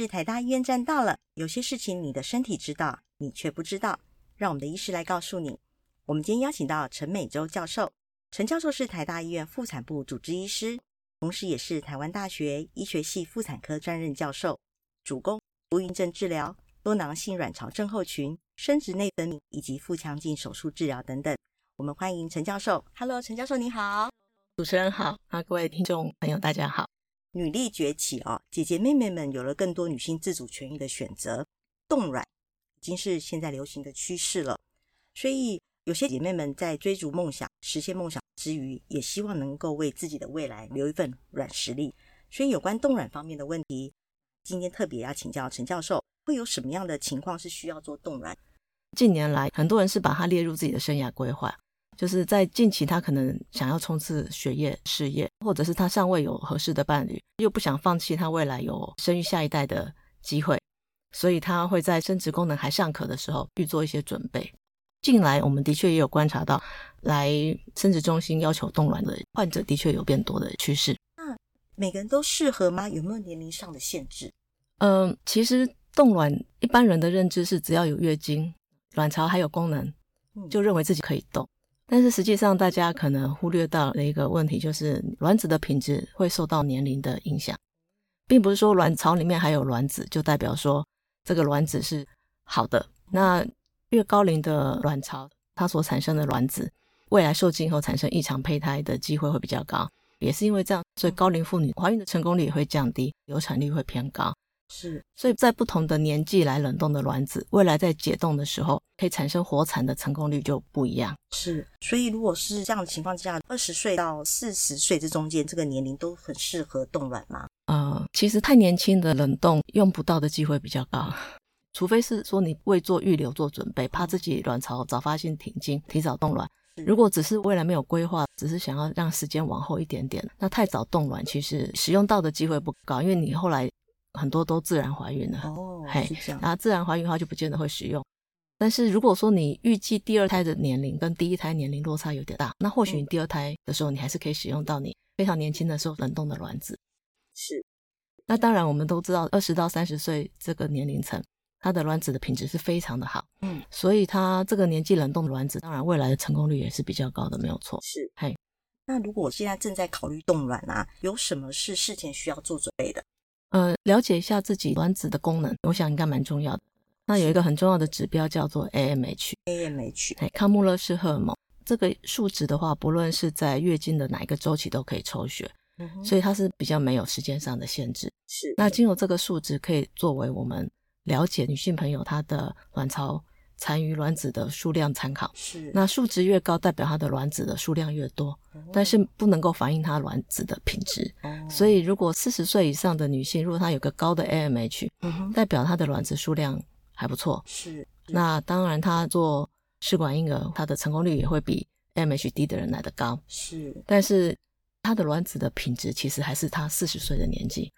是台大醫院站到了。有些事情你的身體知道，你卻不知道，讓我們的醫師來告訴你。我們今天邀請到陳美州教授，陳教授是台大醫院婦產部主治醫師，同時也是台灣大學醫學系婦產科專任教授，主攻不孕症治療、多囊性卵巢症候群、生殖內分泌以及腹腔鏡手術治療等等。我們歡迎陳教授。Hello，陳教授你好，主持人好，啊各位聽眾朋友大家好。女力崛起啊，姐姐妹妹們有了更多女性自主權益的選擇，凍卵已經是現在流行的趨勢了。所以有些姐妹們在追逐夢想、實現夢想之餘，也希望能夠為自己的未來留一份卵實力。所以有關凍卵方面的問題，今天特別要請教陳教授，會有什麼樣的情況是需要做凍卵？近年來，很多人是把它列入自己的生涯規劃，就是在近期他可能想要衝刺學業、事業。或者是他尚未有合適的伴侶，又不想放棄他未來有生育下一代的機會，所以他會在生殖功能還尚可的時候，預做一些準備。近來我們的確也有觀察到，來生殖中心要求凍卵的患者的確有變多的趨勢。那每個人都適合嗎？有沒有年齡上的限制？嗯、呃，其實凍卵一般人的認知是，只要有月經，卵巢還有功能，就認為自己可以凍。嗯但是實際上，大家可能忽略到了一個問題，就是卵子的品質會受到年齡的影響，並不是說卵巢裡面還有卵子就代表說這個卵子是好的。那越高齡的卵巢，它所產生的卵子，未來受精後產生異常胚胎的機會會比較高，也是因為這樣，所以高齡婦女懷孕的成功率也會降低，流產率會偏高。是，所以在不同的年紀來冷凍的卵子，未來在解凍的時候，可以產生活產的成功率就不一樣，是，所以如果是這樣的情況之下，二十歲到四十歲這中間這個年齡都很適合凍卵嗎？呃，其實太年輕的冷凍用不到的機會比較高， 除非是說你為做預留做準備，怕自己卵巢早發性停經，提早凍卵。如果只是未來沒有規劃，只是想要讓時間往後一點點，那太早凍卵其實使用到的機會不高，因為你後來很多都自然懷孕了哦，嘿，是這樣，然後自然懷孕的話就不見得會使用。但是如果說你預計第二胎的年齡跟第一胎年齡落差有點大，那或許你第二胎的時候，你還是可以使用到你非常年輕的時候冷凍的卵子。是。那當然，我們都知道二十到三十歲這個年齡層，它的卵子的品質是非常的好。嗯。所以它這個年紀冷凍的卵子，當然未來的成功率也是比較高的，沒有錯。是。嘿、hey。那如果現在正在考慮凍卵啊，有什麼是事前需要做準備的？呃，了解一下自己卵子的功能，我想應該蠻重要的。那有一個很重要的指標叫做 AMH，AMH AMH 康姆勒氏荷爾蒙，這個數值的話，不論是在月經的哪一個周期都可以抽血，嗯，所以它是比較沒有時間上的限制。是。那經由這個數值可以作為我們了解女性朋友她的卵巢殘餘卵子的數量參考。是。那數值越高，代表她的卵子的數量越多，嗯，但是不能夠反映她卵子的品質，嗯。所以如果四十歲以上的女性，如果她有個高的 AMH，嗯代表她的卵子數量。還不錯，是。是那當然，他做試管嬰兒，他的成功率也會比 A M H 低的人來的高，是。但是，他的卵子的品質其實還是他四十歲的年紀，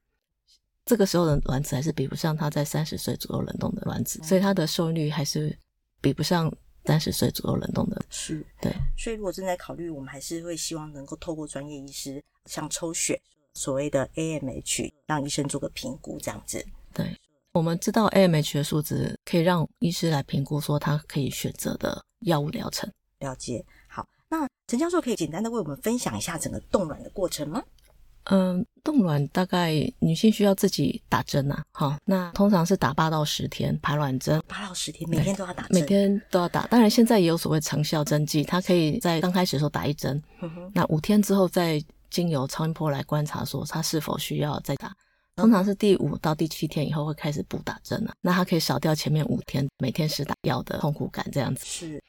這個時候的卵子還是比不上他在三十歲左右冷凍的卵子，嗯、所以他的受孕率還是比不上三十歲左右冷凍的。是，對。所以，如果正在考慮，我們還是會希望能夠透過專業醫師，像抽血，所謂的 A M H，讓醫生做個評估，這樣子。對。我們知道 AMH 的數值可以讓醫師來評估，說他可以選擇的藥物療程。了解。好，那陳教授可以簡單的為我們分享一下整個凍卵的過程嗎？嗯，凍卵大概女性需要自己打針吶、啊。好、哦，那通常是打八到十天排卵針，八、哦、到十天每天都要打針每，每天都要打。當然現在也有所謂長效針劑，它、嗯、可以在剛開始的時候打一針，嗯、哼，那五天之後再經由超音波來觀察說它是否需要再打。通常是第五到第七天以後會開始補打針了、啊，那它可以少掉前面五天每天施打藥的痛苦感這樣子。是，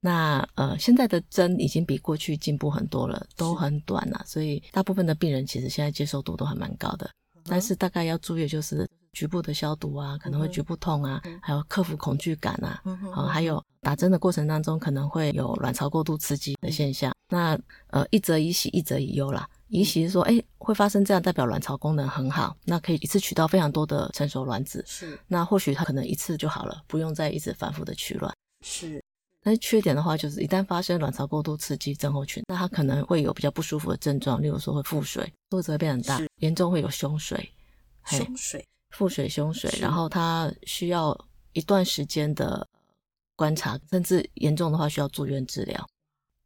那呃現在的針已經比過去進步很多了，都很短了、啊，所以大部分的病人其實現在接受度都還蠻高的。但是大概要注意的就是局部的消毒啊，可能會局部痛啊，還有克服恐懼感啊，啊、呃、還有打針的過程當中可能會有卵巢過度刺激的現象。那呃一則以喜一則以憂啦。尤其是說，哎、欸，會發生這樣，代表卵巢功能很好，那可以一次取到非常多的成熟卵子。是，那或許它可能一次就好了，不用再一直反復的取卵。是，但是缺點的話，就是一旦發生卵巢過度刺激症候群，那它可能會有比較不舒服的症狀，例如說會腹水，肚子會變很大，嚴重會有胸水，胸水、腹水、胸水，然後它需要一段時間的觀察，甚至嚴重的話需要住院治療。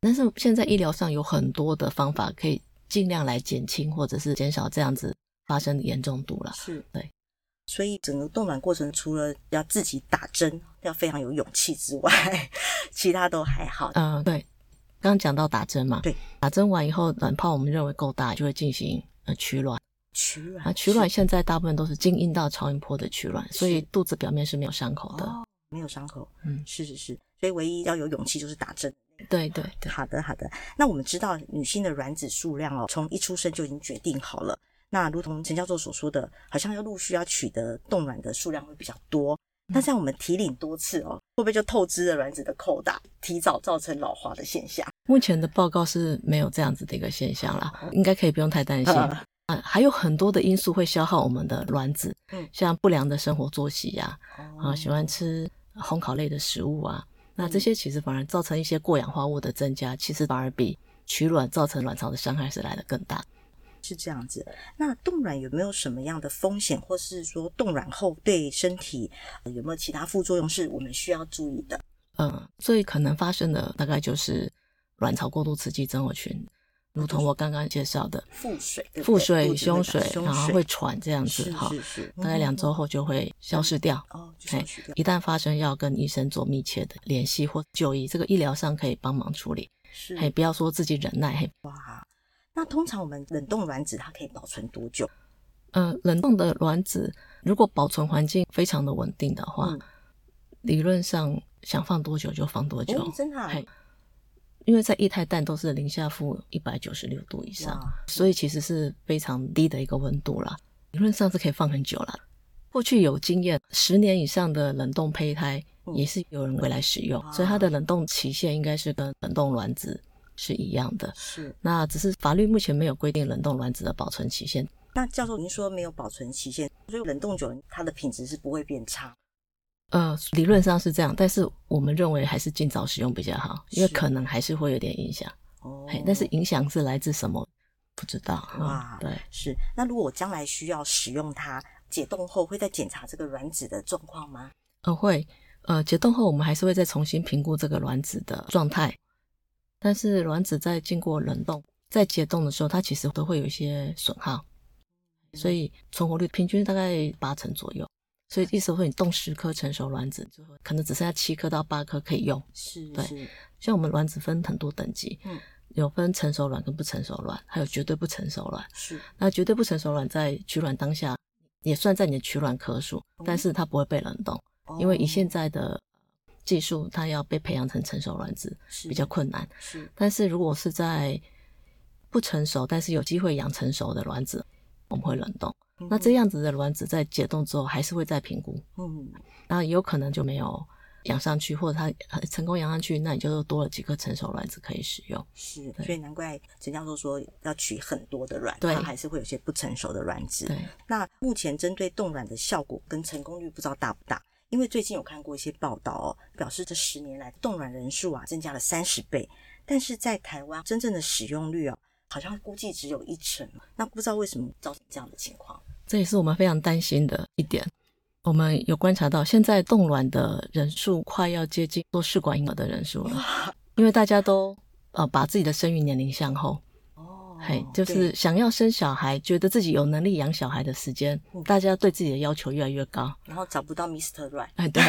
但是現在醫療上有很多的方法可以。儘量來減輕或者是減少這樣子發生嚴重度了。是，對。所以整個凍卵過程，除了要自己打針要非常有勇氣之外，其他都還好。嗯、呃，對。剛剛講到打針嘛，對。打針完以後，卵泡我們認為夠大，就會進行呃取卵。取卵啊，取卵現在大部分都是經陰道超音波的取卵，所以肚子表面是沒有傷口的。哦，沒有傷口。嗯，是是是。所以唯一要有勇氣就是打針。對對對，好的好的。那我們知道女性的卵子數量哦，從一出生就已經決定好了。那如同陳教授所說的，好像要陸續要取得凍卵的數量會比較多。那像我們提領多次哦，會不會就透支了卵子的扣打，提早造成老化的現象？目前的報告是沒有這樣子的一個現象啦，應該可以不用太擔心啊。還有很多的因素會消耗我們的卵子，嗯，像不良的生活作息呀，啊，喜歡吃烘烤類的食物啊。那這些其實反而造成一些過氧化物的增加，其實反而比取卵造成卵巢的傷害是來得更大，是這樣子。那凍卵有沒有什麼樣的風險，或是說凍卵後對身體有沒有其他副作用，是我們需要注意的？嗯，最可能發生的大概就是卵巢過度刺激症候群，如同我剛剛介紹的，腹水、對對腹水、胸水，然後會喘這樣子，哈，大概兩周後就會消失掉。哦，是一旦發生，要跟醫生做密切的聯繫或就醫，這個醫療上可以幫忙處理，是，也不要說自己忍耐嘿。哇，那通常我們冷凍卵子它可以保存多久？嗯、呃，冷凍的卵子如果保存環境非常的穩定的話，嗯、理論上想放多久就放多久，哦、真的。因為在液態氮都是零下負一百九十六度以上，所以其實是非常低的一個溫度了。理論上是可以放很久了。過去有經驗，十年以上的冷凍胚胎也是有人會來使用、嗯，所以它的冷凍期限應該是跟冷凍卵子是一樣的。是，那只是法律目前沒有規定冷凍卵子的保存期限。那教授您說沒有保存期限，所以冷凍久了它的品質是不會變差。呃，理論上是這樣，但是我們認為還是盡早使用比較好，因為可能還是會有點影響。哦，但是影響是來自什麼？不知道。啊，嗯，對，是。那如果我將來需要使用它，解凍後會再檢查這個卵子的狀況嗎？呃，會。呃，解凍後我們還是會再重新評估這個卵子的狀態。但是卵子在經過冷凍再解凍的時候，它其實都會有一些損耗，所以存活率平均大概八成左右。所以，意思是你凍十顆成熟卵子，可能只剩下七顆到八顆可以用。是，對。是是，像我們卵子分很多等級，嗯、有分成熟卵跟不成熟卵，還有絕對不成熟卵。是。那絕對不成熟卵在取卵當下，也算在你的取卵顆數，但是它不會被冷凍，因為以現在的技術，它要被培養成成熟卵子比較困難。是，是。但是如果是在不成熟，但是有機會養成熟的卵子，我們會冷凍。嗯，那這樣子的卵子在解凍之後，還是會再評估，嗯，那有可能就沒有養上去，或者它成功養上去，那你就多了幾個成熟卵子可以使用。是，所以難怪陳教授說要取很多的卵，它還是會有些不成熟的卵子。對，那目前針對凍卵的效果跟成功率不知道大不大？因為最近有看過一些報道哦，表示這十年來凍卵人數啊增加了三十倍，但是在台灣真正的使用率啊好像估計只有一成，那不知道為什麼造成這樣的情況。這也是我們非常擔心的一點。我們有觀察到，現在凍卵的人數快要接近做試管嬰兒的人數了，因為大家都呃把自己的生育年齡向後哦，嘿，就是想要生小孩，覺得自己有能力養小孩的時間，嗯，大家對自己的要求越來越高，然後找不到 Mister Right。哎，對。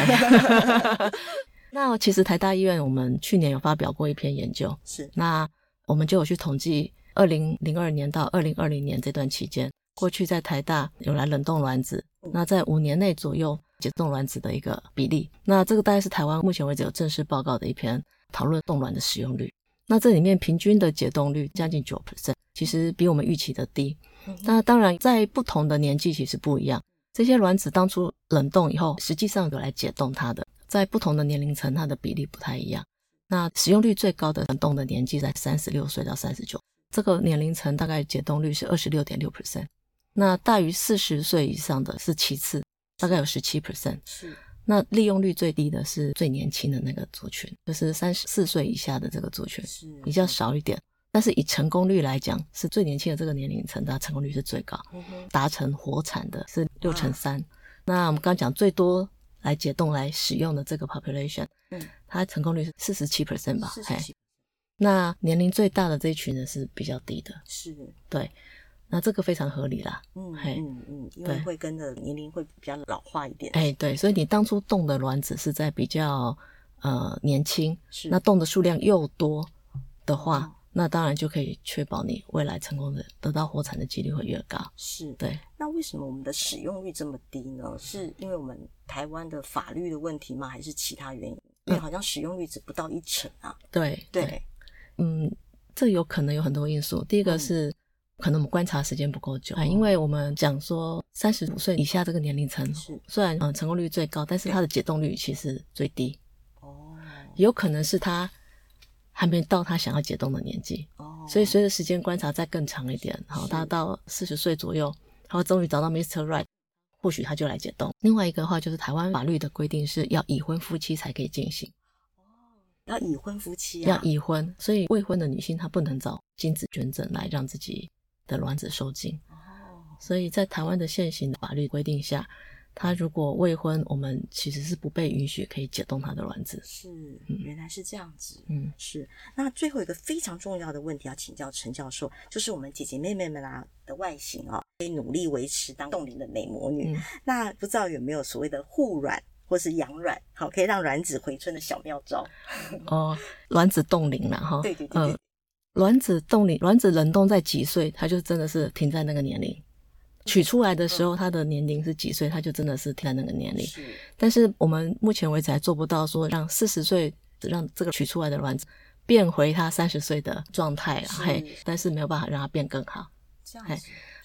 那其實台大醫院我們去年有發表過一篇研究，是那我們就有去統計二零零二年到二零二零年這段期間。過去在台大有來冷凍卵子，那在五年內左右解凍卵子的一個比例，那這個大概是台灣目前為止有正式報告的一篇討論凍卵的使用率。那這裡面平均的解凍率將近九%，其實比我們預期的低。那當然在不同的年紀其實不一樣，這些卵子當初冷凍以後，實際上有來解凍它的，在不同的年齡層它的比例不太一樣。那使用率最高的冷凍的年紀在三十六歲到三十九，這個年齡層大概解凍率是二十六點六%。那大於四十歲以上的，是其次，大概有十七 percent，是。那利用率最低的是最年輕的那個族群，就是三十四歲以下的這個族群，是、啊、比較少一點、嗯。但是以成功率來講，是最年輕的這個年齡層，它成功率是最高，達、嗯嗯、成活產的是六成三。那我們剛剛講最多來解凍來使用的這個 population，嗯，它成功率是四十七 percent 吧、四十七嘿？那年齡最大的這一群人是比較低的，是對。那這個非常合理啦，嗯嗯嗯，因為會跟着年齡會比較老化一點，哎對、欸、對，所以你當初凍的卵子是在比較呃年輕，是那凍的數量又多的話、嗯，那當然就可以確保你未來成功的得到活產的幾率會越高，是，對。那為什麼我們的使用率這麼低呢？是因為我們台灣的法律的問題嗎？還是其他原因？對、嗯。因為好像使用率只不到一成啊。對對，對，嗯，這有可能有很多因素。第一個是。嗯可能我們觀察時間不夠久，因為我們講說三十五歲以下這個年齡層，雖然嗯成功率最高，但是他的解凍率其實最低。哦，有可能是他還沒到他想要解凍的年紀。哦，所以隨着時間觀察再更長一點，好，他到四十歲左右，他會終於找到 Mr. Right，或許他就來解凍。另外一個的話就是，台灣法律的規定是要已婚夫妻才可以進行。哦，要已婚夫妻啊，要已婚，所以未婚的女性她不能找精子捐贈來讓自己，的卵子受精哦，所以在台灣的現行法律規定下，他如果未婚，我們其實是不被允許可以解凍他的卵子。是，原來是這樣子。嗯，是。那最後一個非常重要的問題要請教陳教授，就是我們姐姐妹妹們啦、啊、的外形啊、哦，可以努力維持當凍齡的美魔女、嗯。那不知道有沒有所謂的護卵或是養卵，好可以讓卵子回春的小妙招？哦，卵子凍齡了哈。對對對，對。嗯卵子凍齡，卵子冷凍在幾歲，它就真的是停在那個年齡。取出來的時候，它的年齡是幾歲，它就真的是停在那個年齡。但是我們目前為止還做不到說讓四十歲，讓這個取出來的卵子變回它三十歲的狀態，嘿，但是沒有辦法讓它變更好。嘿，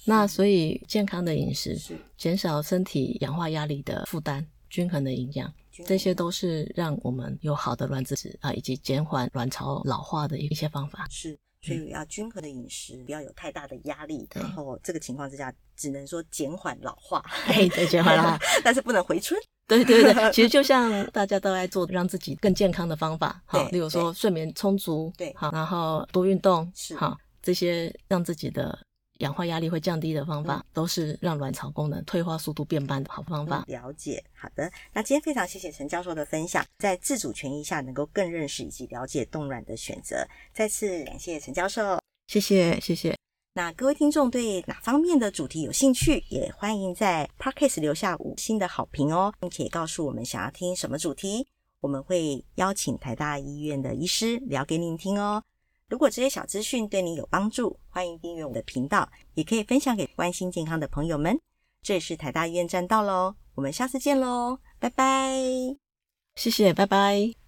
那所以健康的飲食，減少身體氧化壓力的負擔。均衡的營養，這些都是讓我們有好的卵子質啊，以及減緩卵巢老化的一些方法。是，所以要均衡的飲食，不要有太大的壓力、嗯。然後這個情況之下，只能說減緩老化，嘿，減緩老化，但是不能回春。對對對，其實就像大家都愛做讓自己更健康的方法哈， 例如說睡眠充足，對，好，然後多運動，是，好，這些讓自己的。氧化壓力會降低的方法、嗯，都是讓卵巢功能退化速度變慢的好方法。了解，好的，那今天非常謝謝陳教授的分享，在自主權益下能夠更認識以及了解凍卵的選擇。再次感謝陳教授，謝謝謝謝。那各位聽眾對哪方面的主題有興趣，也歡迎在 Podcast 留下五星的好評哦，並且告訴我們想要聽什麼主題，我們會邀請台大醫院的醫師聊給您聽哦。如果這些小資訊對你有幫助，歡迎訂閱我的頻道，也可以分享給關心健康的朋友們。這裡是台大醫院站到了，我們下次見嘍，拜拜！謝謝，拜拜。